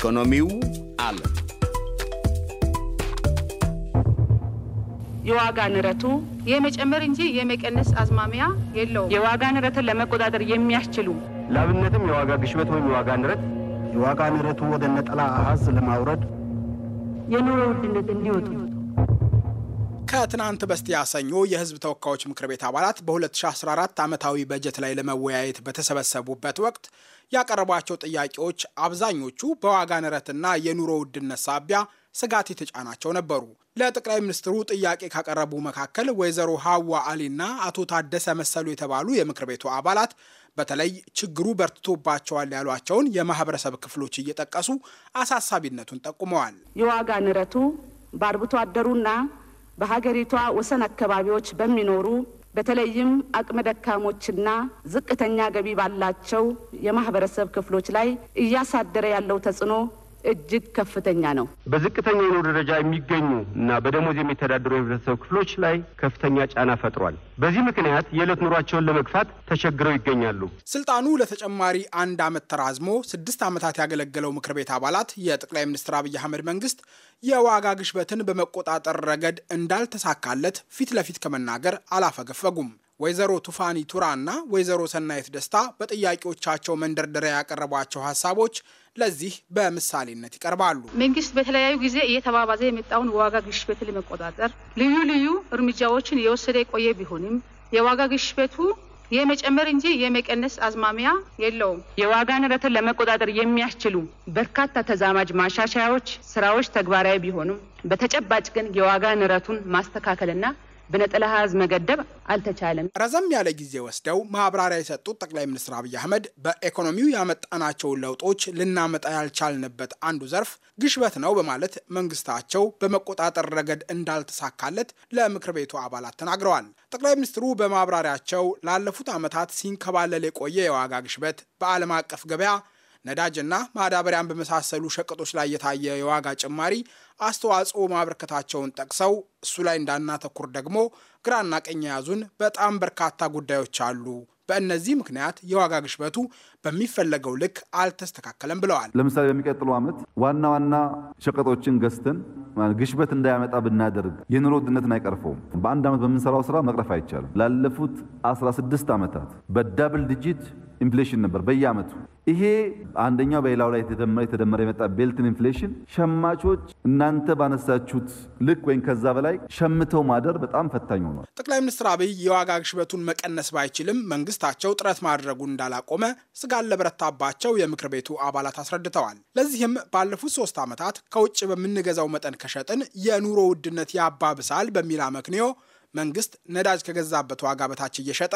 ኢኮኖሚው አለ። የዋጋ ንረቱ የመጨመር እንጂ የመቀነስ አዝማሚያ የለውም። የዋጋ ንረትን ለመቆጣጠር የሚያስችሉ ለአብነትም የዋጋ ግሽበት ወይም የዋጋ ንረት የዋጋ ንረቱ ወደ ነጠላ አሃዝ ለማውረድ የኑሮ ውድነት እንዲወጡ ከትናንት በስቲያ ሰኞ የሕዝብ ተወካዮች ምክር ቤት አባላት በ2014 ዓመታዊ በጀት ላይ ለመወያየት በተሰበሰቡበት ወቅት ያቀረቧቸው ጥያቄዎች አብዛኞቹ በዋጋ ንረትና የኑሮ ውድነት ሳቢያ ስጋት የተጫናቸው ነበሩ። ለጠቅላይ ሚኒስትሩ ጥያቄ ካቀረቡ መካከል ወይዘሮ ሀዋ አሊና አቶ ታደሰ መሰሉ የተባሉ የምክር ቤቱ አባላት በተለይ ችግሩ በርትቶባቸዋል ያሏቸውን የማህበረሰብ ክፍሎች እየጠቀሱ አሳሳቢነቱን ጠቁመዋል። የዋጋ ንረቱ በአርብቶ አደሩና በሀገሪቷ ወሰን አካባቢዎች በሚኖሩ በተለይም አቅመ ደካሞችና ዝቅተኛ ገቢ ባላቸው የማህበረሰብ ክፍሎች ላይ እያሳደረ ያለው ተጽዕኖ እጅግ ከፍተኛ ነው። በዝቅተኛ የኑሮ ደረጃ የሚገኙ እና በደሞዝ የሚተዳደሩ የህብረተሰብ ክፍሎች ላይ ከፍተኛ ጫና ፈጥሯል። በዚህ ምክንያት የዕለት ኑሯቸውን ለመግፋት ተቸግረው ይገኛሉ። ስልጣኑ ለተጨማሪ አንድ ዓመት ተራዝሞ ስድስት ዓመታት ያገለገለው ምክር ቤት አባላት የጠቅላይ ሚኒስትር አብይ አህመድ መንግስት የዋጋ ግሽበትን በመቆጣጠር ረገድ እንዳልተሳካለት ፊት ለፊት ከመናገር አላፈገፈጉም። ወይዘሮ ቱፋኒ ቱራ እና ወይዘሮ ሰናይት ደስታ በጥያቄዎቻቸው መንደርደሪያ ያቀረቧቸው ሀሳቦች ለዚህ በምሳሌነት ይቀርባሉ። መንግስት በተለያዩ ጊዜ እየተባባዘ የመጣውን ዋጋ ግሽበት ለመቆጣጠር ልዩ ልዩ እርምጃዎችን የወሰደ የቆየ ቢሆንም የዋጋ ግሽበቱ የመጨመር እንጂ የመቀነስ አዝማሚያ የለውም። የዋጋ ንረትን ለመቆጣጠር የሚያስችሉ በርካታ ተዛማጅ ማሻሻያዎች ስራዎች ተግባራዊ ቢሆኑም በተጨባጭ ግን የዋጋ ንረቱን ማስተካከልና በነጠላ አሃዝ መገደብ አልተቻለም። ረዘም ያለ ጊዜ ወስደው ማብራሪያ የሰጡት ጠቅላይ ሚኒስትር አብይ አህመድ በኢኮኖሚው ያመጣናቸውን ለውጦች ልናመጣ ያልቻልንበት አንዱ ዘርፍ ግሽበት ነው በማለት መንግስታቸው በመቆጣጠር ረገድ እንዳልተሳካለት ለምክር ቤቱ አባላት ተናግረዋል። ጠቅላይ ሚኒስትሩ በማብራሪያቸው ላለፉት ዓመታት ሲንከባለል የቆየ የዋጋ ግሽበት በዓለም አቀፍ ገበያ ነዳጅና ማዳበሪያን በመሳሰሉ ሸቀጦች ላይ የታየ የዋጋ ጭማሪ አስተዋጽኦ ማበርከታቸውን ጠቅሰው እሱ ላይ እንዳናተኩር ደግሞ ግራና ቀኝ የያዙን በጣም በርካታ ጉዳዮች አሉ። በእነዚህ ምክንያት የዋጋ ግሽበቱ በሚፈለገው ልክ አልተስተካከለም ብለዋል። ለምሳሌ በሚቀጥለው ዓመት ዋና ዋና ሸቀጦችን ገዝተን ግሽበት እንዳያመጣ ብናደርግ የኑሮ ውድነትን አይቀርፈውም። በአንድ ዓመት በምንሰራው ስራ መቅረፍ አይቻልም። ላለፉት 16 ዓመታት በዳብል ዲጂት ኢንፍሌሽን ነበር በየአመቱ ይሄ አንደኛው በሌላው ላይ የተደመረ የተደመረ የመጣ ቤልትን ኢንፍሌሽን ሸማቾች እናንተ ባነሳችሁት ልክ ወይም ከዛ በላይ ሸምተው ማደር በጣም ፈታኝ ሆኗል። ጠቅላይ ሚኒስትር አብይ የዋጋ ግሽበቱን መቀነስ ባይችልም መንግስታቸው ጥረት ማድረጉን እንዳላቆመ ስጋት ለበረታባቸው የምክር ቤቱ አባላት አስረድተዋል። ለዚህም ባለፉት ሶስት ዓመታት ከውጭ በምንገዛው መጠን ከሸጥን የኑሮ ውድነት ያባብሳል በሚል አመክንዮ መንግስት ነዳጅ ከገዛበት ዋጋ በታች እየሸጠ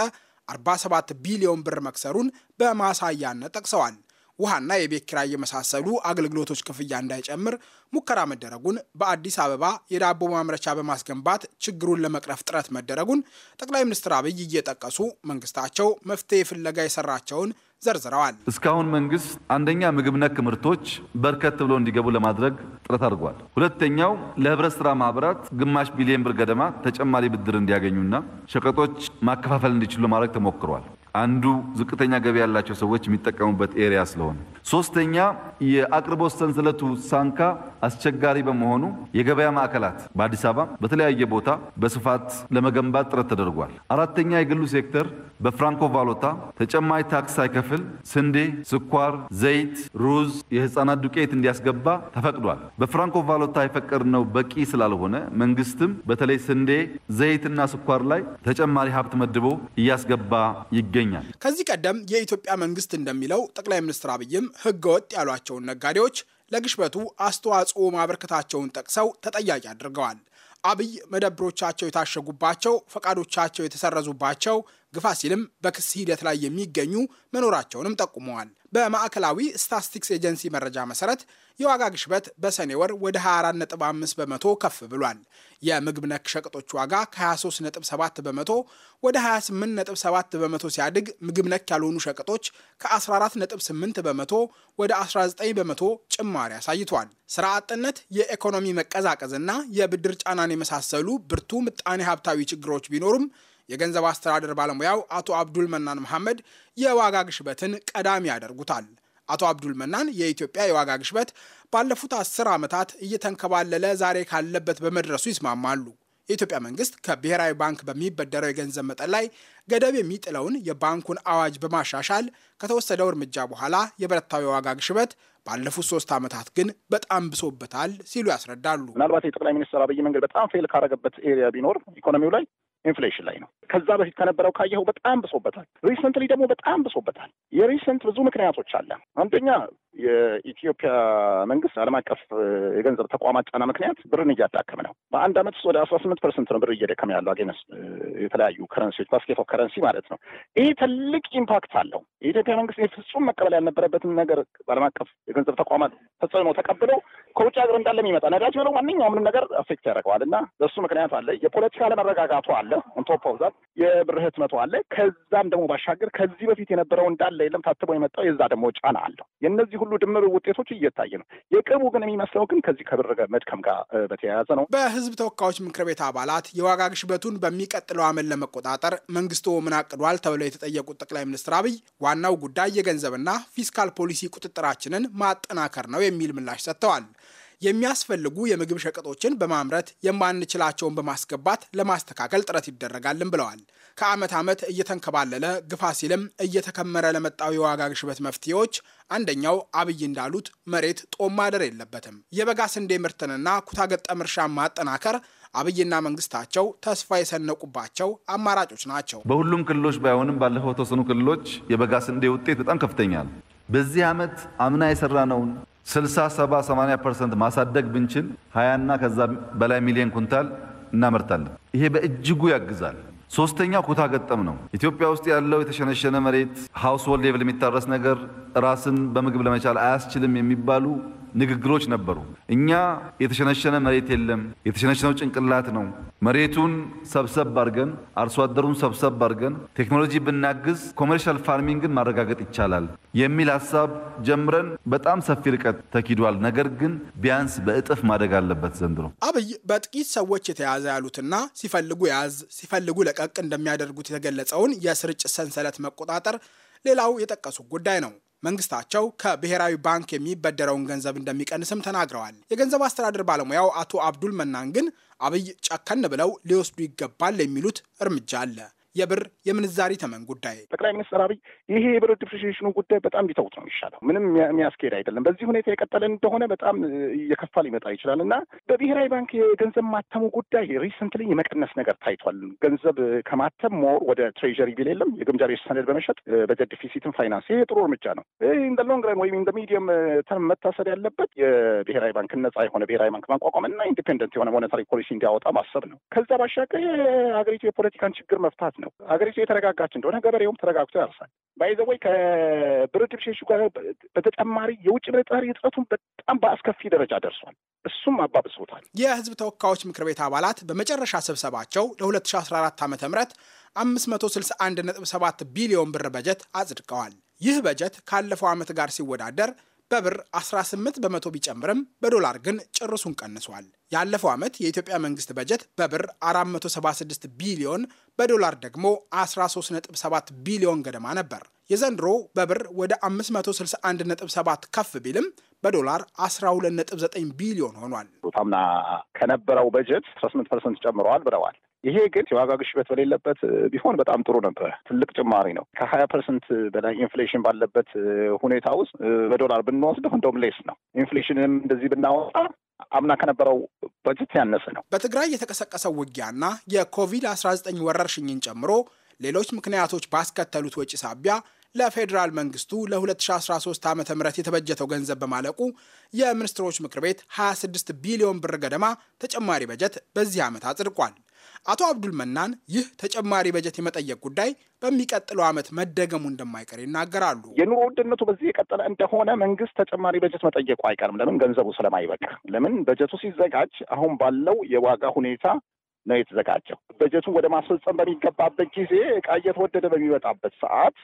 47 ቢሊዮን ብር መክሰሩን በማሳያነት ጠቅሰዋል። ውሃና የቤት ኪራይ የመሳሰሉ አገልግሎቶች ክፍያ እንዳይጨምር ሙከራ መደረጉን፣ በአዲስ አበባ የዳቦ ማምረቻ በማስገንባት ችግሩን ለመቅረፍ ጥረት መደረጉን ጠቅላይ ሚኒስትር አብይ እየጠቀሱ መንግስታቸው መፍትሄ ፍለጋ የሰራቸውን ዘርዝረዋል። እስካሁን መንግስት አንደኛ ምግብ ነክ ምርቶች በርከት ብሎ እንዲገቡ ለማድረግ ጥረት አድርጓል። ሁለተኛው ለህብረት ስራ ማህበራት ግማሽ ቢሊየን ብር ገደማ ተጨማሪ ብድር እንዲያገኙና ሸቀጦች ማከፋፈል እንዲችሉ ለማድረግ ተሞክሯል። አንዱ ዝቅተኛ ገቢ ያላቸው ሰዎች የሚጠቀሙበት ኤሪያ ስለሆነ ሶስተኛ የአቅርቦት ሰንሰለቱ ሳንካ አስቸጋሪ በመሆኑ የገበያ ማዕከላት በአዲስ አበባ በተለያየ ቦታ በስፋት ለመገንባት ጥረት ተደርጓል። አራተኛ የግሉ ሴክተር በፍራንኮ ቫሎታ ተጨማሪ ታክስ ሳይከፍል ስንዴ፣ ስኳር፣ ዘይት፣ ሩዝ፣ የህፃናት ዱቄት እንዲያስገባ ተፈቅዷል። በፍራንኮ ቫሎታ የፈቀድነው በቂ ስላልሆነ መንግስትም በተለይ ስንዴ፣ ዘይትና ስኳር ላይ ተጨማሪ ሀብት መድቦ እያስገባ ይገኛል። ከዚህ ቀደም የኢትዮጵያ መንግስት እንደሚለው ጠቅላይ ሚኒስትር አብይም ህገወጥ ያሏቸውን ነጋዴዎች ለግሽበቱ አስተዋጽኦ ማበርከታቸውን ጠቅሰው ተጠያቂ አድርገዋል። አብይ መደብሮቻቸው የታሸጉባቸው፣ ፈቃዶቻቸው የተሰረዙባቸው ግፋ ሲልም በክስ ሂደት ላይ የሚገኙ መኖራቸውንም ጠቁመዋል። በማዕከላዊ ስታስቲክስ ኤጀንሲ መረጃ መሰረት የዋጋ ግሽበት በሰኔ ወር ወደ 24.5 በመቶ ከፍ ብሏል። የምግብ ነክ ሸቀጦች ዋጋ ከ23.7 በመቶ ወደ 28.7 በመቶ ሲያድግ፣ ምግብ ነክ ያልሆኑ ሸቀጦች ከ14.8 በመቶ ወደ 19 በመቶ ጭማሪ አሳይቷል። ስራ አጥነት፣ የኢኮኖሚ መቀዛቀዝና የብድር ጫናን የመሳሰሉ ብርቱ ምጣኔ ሀብታዊ ችግሮች ቢኖሩም የገንዘብ አስተዳደር ባለሙያው አቶ አብዱል መናን መሐመድ የዋጋ ግሽበትን ቀዳሚ ያደርጉታል። አቶ አብዱል መናን የኢትዮጵያ የዋጋ ግሽበት ባለፉት አስር ዓመታት እየተንከባለለ ዛሬ ካለበት በመድረሱ ይስማማሉ። የኢትዮጵያ መንግስት ከብሔራዊ ባንክ በሚበደረው የገንዘብ መጠን ላይ ገደብ የሚጥለውን የባንኩን አዋጅ በማሻሻል ከተወሰደው እርምጃ በኋላ የበረታው የዋጋ ግሽበት ባለፉት ሶስት ዓመታት ግን በጣም ብሶበታል ሲሉ ያስረዳሉ። ምናልባት የጠቅላይ ሚኒስትር አብይ መንገድ በጣም ፌል ካረገበት ኤሪያ ቢኖር ኢኮኖሚው ላይ ኢንፍሌሽን ላይ ነው። ከዛ በፊት ከነበረው ካየኸው በጣም ብሶበታል። ሪሰንትሊ ደግሞ በጣም ብሶበታል። የሪሰንት ብዙ ምክንያቶች አለ። አንደኛ የኢትዮጵያ መንግስት ዓለም አቀፍ የገንዘብ ተቋማት ጫና ምክንያት ብርን እያዳከመ ነው። በአንድ አመት ውስጥ ወደ አስራ ስምንት ፐርሰንት ነው ብር እየደከመ ያለው አገነስ የተለያዩ ከረንሲዎች ባስኬት ኦፍ ከረንሲ ማለት ነው። ይሄ ትልቅ ኢምፓክት አለው። የኢትዮጵያ መንግስት ፍጹም መቀበል ያልነበረበትን ነገር በዓለም አቀፍ የገንዘብ ተቋማት ተጽዕኖ ተቀብለው ከውጭ ሀገር እንዳለ የሚመጣ ነዳጅ ዋነኛው ምንም ነገር አፌክት ያደርገዋል እና በሱ ምክንያት አለ የፖለቲካ አለመረጋጋቱ አለ ኦንቶፕ የብር ህትመቱ አለ። ከዛም ደግሞ ባሻገር ከዚህ በፊት የነበረው እንዳለ የለም ታትሞ የመጣው የዛ ደግሞ ጫና አለው የነዚህ ሁሉ ድምር ውጤቶች እየታየ ነው። የቅርቡ ግን የሚመስለው ግን ከዚህ ከብር መድከም ጋር በተያያዘ ነው። በህዝብ ተወካዮች ምክር ቤት አባላት የዋጋ ግሽበቱን በሚቀጥለው ዓመት ለመቆጣጠር መንግስቱ ምን አቅዷል ተብለው የተጠየቁት ጠቅላይ ሚኒስትር አብይ ዋናው ጉዳይ የገንዘብና ፊስካል ፖሊሲ ቁጥጥራችንን ማጠናከር ነው የሚል ምላሽ ሰጥተዋል። የሚያስፈልጉ የምግብ ሸቀጦችን በማምረት የማንችላቸውን በማስገባት ለማስተካከል ጥረት ይደረጋልን ብለዋል። ከዓመት ዓመት እየተንከባለለ ግፋ ሲልም እየተከመረ ለመጣው የዋጋ ግሽበት መፍትሄዎች አንደኛው አብይ እንዳሉት መሬት ጦም ማደር የለበትም። የበጋ ስንዴ ምርትንና ኩታገጠም እርሻን ማጠናከር አብይና መንግስታቸው ተስፋ የሰነቁባቸው አማራጮች ናቸው። በሁሉም ክልሎች ባይሆንም ባለፈው ተወሰኑ ክልሎች የበጋ ስንዴ ውጤት በጣም ከፍተኛል። በዚህ ዓመት አምና የሰራነውን 60 70 80 ፐርሰንት ማሳደግ ብንችል 20 እና ከዛ በላይ ሚሊዮን ኩንታል እናመርታለን። ይሄ በእጅጉ ያግዛል። ሶስተኛው ኩታ ገጠም ነው። ኢትዮጵያ ውስጥ ያለው የተሸነሸነ መሬት ሀውስ ሆልድ ሌቭል የሚታረስ ነገር ራስን በምግብ ለመቻል አያስችልም የሚባሉ ንግግሮች ነበሩ። እኛ የተሸነሸነ መሬት የለም፣ የተሸነሸነው ጭንቅላት ነው። መሬቱን ሰብሰብ አድርገን አርሶ አደሩን ሰብሰብ አድርገን ቴክኖሎጂ ብናግዝ ኮመርሻል ፋርሚንግን ማረጋገጥ ይቻላል የሚል ሀሳብ ጀምረን በጣም ሰፊ ርቀት ተኪዷል። ነገር ግን ቢያንስ በእጥፍ ማደግ አለበት ዘንድሮ። አብይ በጥቂት ሰዎች የተያዘ ያሉትና ሲፈልጉ ያዝ ሲፈልጉ ለቀቅ እንደሚያደርጉት የተገለጸውን የስርጭት ሰንሰለት መቆጣጠር ሌላው የጠቀሱት ጉዳይ ነው። መንግስታቸው ከብሔራዊ ባንክ የሚበደረውን ገንዘብ እንደሚቀንስም ተናግረዋል። የገንዘብ አስተዳደር ባለሙያው አቶ አብዱል መናን ግን አብይ ጨከን ብለው ሊወስዱ ይገባል የሚሉት እርምጃ አለ። የብር የምንዛሪ ተመን ጉዳይ ጠቅላይ ሚኒስትር አብይ ይሄ የብር ዲፕሪሽኑ ጉዳይ በጣም ቢተውት ነው የሚሻለው። ምንም የሚያስኬድ አይደለም። በዚህ ሁኔታ የቀጠለ እንደሆነ በጣም እየከፋ ሊመጣ ይችላል እና በብሔራዊ ባንክ የገንዘብ ማተሙ ጉዳይ ሪሰንትሊ የመቀነስ ነገር ታይቷል። ገንዘብ ከማተም ሞር ወደ ትሬዥሪ ቢል የለም የግምጃ ቤት ሰነድ በመሸጥ በጀት ዲፊሲትን ፋይናንስ ይሄ ጥሩ እርምጃ ነው። ኢን ሎንግ ረን ወይም ኢን ሚዲየም ተርም መታሰብ ያለበት የብሔራዊ ባንክ ነጻ የሆነ ብሔራዊ ባንክ ማቋቋም እና ኢንዲፔንደንት የሆነ ሞኔታሪ ፖሊሲ እንዲያወጣ ማሰብ ነው። ከዛ ባሻገር የሀገሪቱ የፖለቲካን ችግር መፍታት ነው። ነው። አገሪቱ የተረጋጋች እንደሆነ ገበሬውም ተረጋግቶ ያርሳል። ባይዘወይ ከብርድ ብሸሹ ጋር በተጨማሪ የውጭ ምንዛሪ እጥረቱን በጣም በአስከፊ ደረጃ ደርሷል። እሱም አባብሶታል። የህዝብ ተወካዮች ምክር ቤት አባላት በመጨረሻ ስብሰባቸው ለ2014 ዓ ም 561.7 ቢሊዮን ብር በጀት አጽድቀዋል። ይህ በጀት ካለፈው ዓመት ጋር ሲወዳደር በብር 18 በመቶ ቢጨምርም በዶላር ግን ጭርሱን ቀንሷል። ያለፈው ዓመት የኢትዮጵያ መንግስት በጀት በብር 476 ቢሊዮን በዶላር ደግሞ 137 ቢሊዮን ገደማ ነበር። የዘንድሮ በብር ወደ 561.7 ከፍ ቢልም በዶላር 12.9 ቢሊዮን ሆኗል። ታምና ከነበረው በጀት 18 ፐርሰንት ጨምረዋል ብለዋል። ይሄ ግን የዋጋ ግሽበት በሌለበት ቢሆን በጣም ጥሩ ነበር። ትልቅ ጭማሪ ነው። ከሀያ ፐርሰንት በላይ ኢንፍሌሽን ባለበት ሁኔታ ውስጥ በዶላር ብንወስደው እንደውም ሌስ ነው። ኢንፍሌሽንም እንደዚህ ብናወጣ አምና ከነበረው በጀት ያነሰ ነው። በትግራይ የተቀሰቀሰው ውጊያና የኮቪድ-19 ወረርሽኝን ጨምሮ ሌሎች ምክንያቶች ባስከተሉት ወጪ ሳቢያ ለፌዴራል መንግስቱ ለ2013 ዓ ም የተበጀተው ገንዘብ በማለቁ የሚኒስትሮች ምክር ቤት 26 ቢሊዮን ብር ገደማ ተጨማሪ በጀት በዚህ ዓመት አጽድቋል። አቶ አብዱል መናን ይህ ተጨማሪ በጀት የመጠየቅ ጉዳይ በሚቀጥለው ዓመት መደገሙ እንደማይቀር ይናገራሉ። የኑሮ ውድነቱ በዚህ የቀጠለ እንደሆነ መንግስት ተጨማሪ በጀት መጠየቁ አይቀርም። ለምን? ገንዘቡ ስለማይበቃ። ለምን? በጀቱ ሲዘጋጅ አሁን ባለው የዋጋ ሁኔታ ነው የተዘጋጀው። በጀቱን ወደ ማስፈጸም በሚገባበት ጊዜ እቃ እየተወደደ በሚመጣበት ሰዓት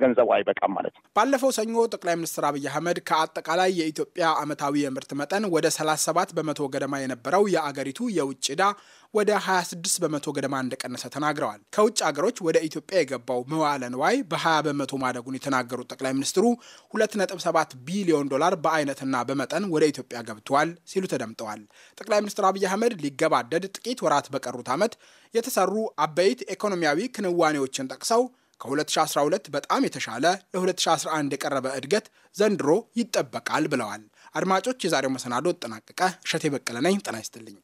ገንዘቡ አይበቃም ማለት ነው። ባለፈው ሰኞ ጠቅላይ ሚኒስትር አብይ አህመድ ከአጠቃላይ የኢትዮጵያ ዓመታዊ የምርት መጠን ወደ 37 በመቶ ገደማ የነበረው የአገሪቱ የውጭ ዕዳ ወደ 26 በመቶ ገደማ እንደቀነሰ ተናግረዋል። ከውጭ ሀገሮች ወደ ኢትዮጵያ የገባው መዋለ ንዋይ በ20 በመቶ ማደጉን የተናገሩት ጠቅላይ ሚኒስትሩ 2.7 ቢሊዮን ዶላር በአይነትና በመጠን ወደ ኢትዮጵያ ገብተዋል ሲሉ ተደምጠዋል። ጠቅላይ ሚኒስትር አብይ አህመድ ሊገባደድ ጥቂት ወራት በቀሩት ዓመት የተሰሩ አበይት ኢኮኖሚያዊ ክንዋኔዎችን ጠቅሰው ከ2012 በጣም የተሻለ ለ2011 የቀረበ እድገት ዘንድሮ ይጠበቃል ብለዋል። አድማጮች፣ የዛሬው መሰናዶ ተጠናቀቀ። እሸቴ በቀለ ነኝ። ጤና ይስጥልኝ።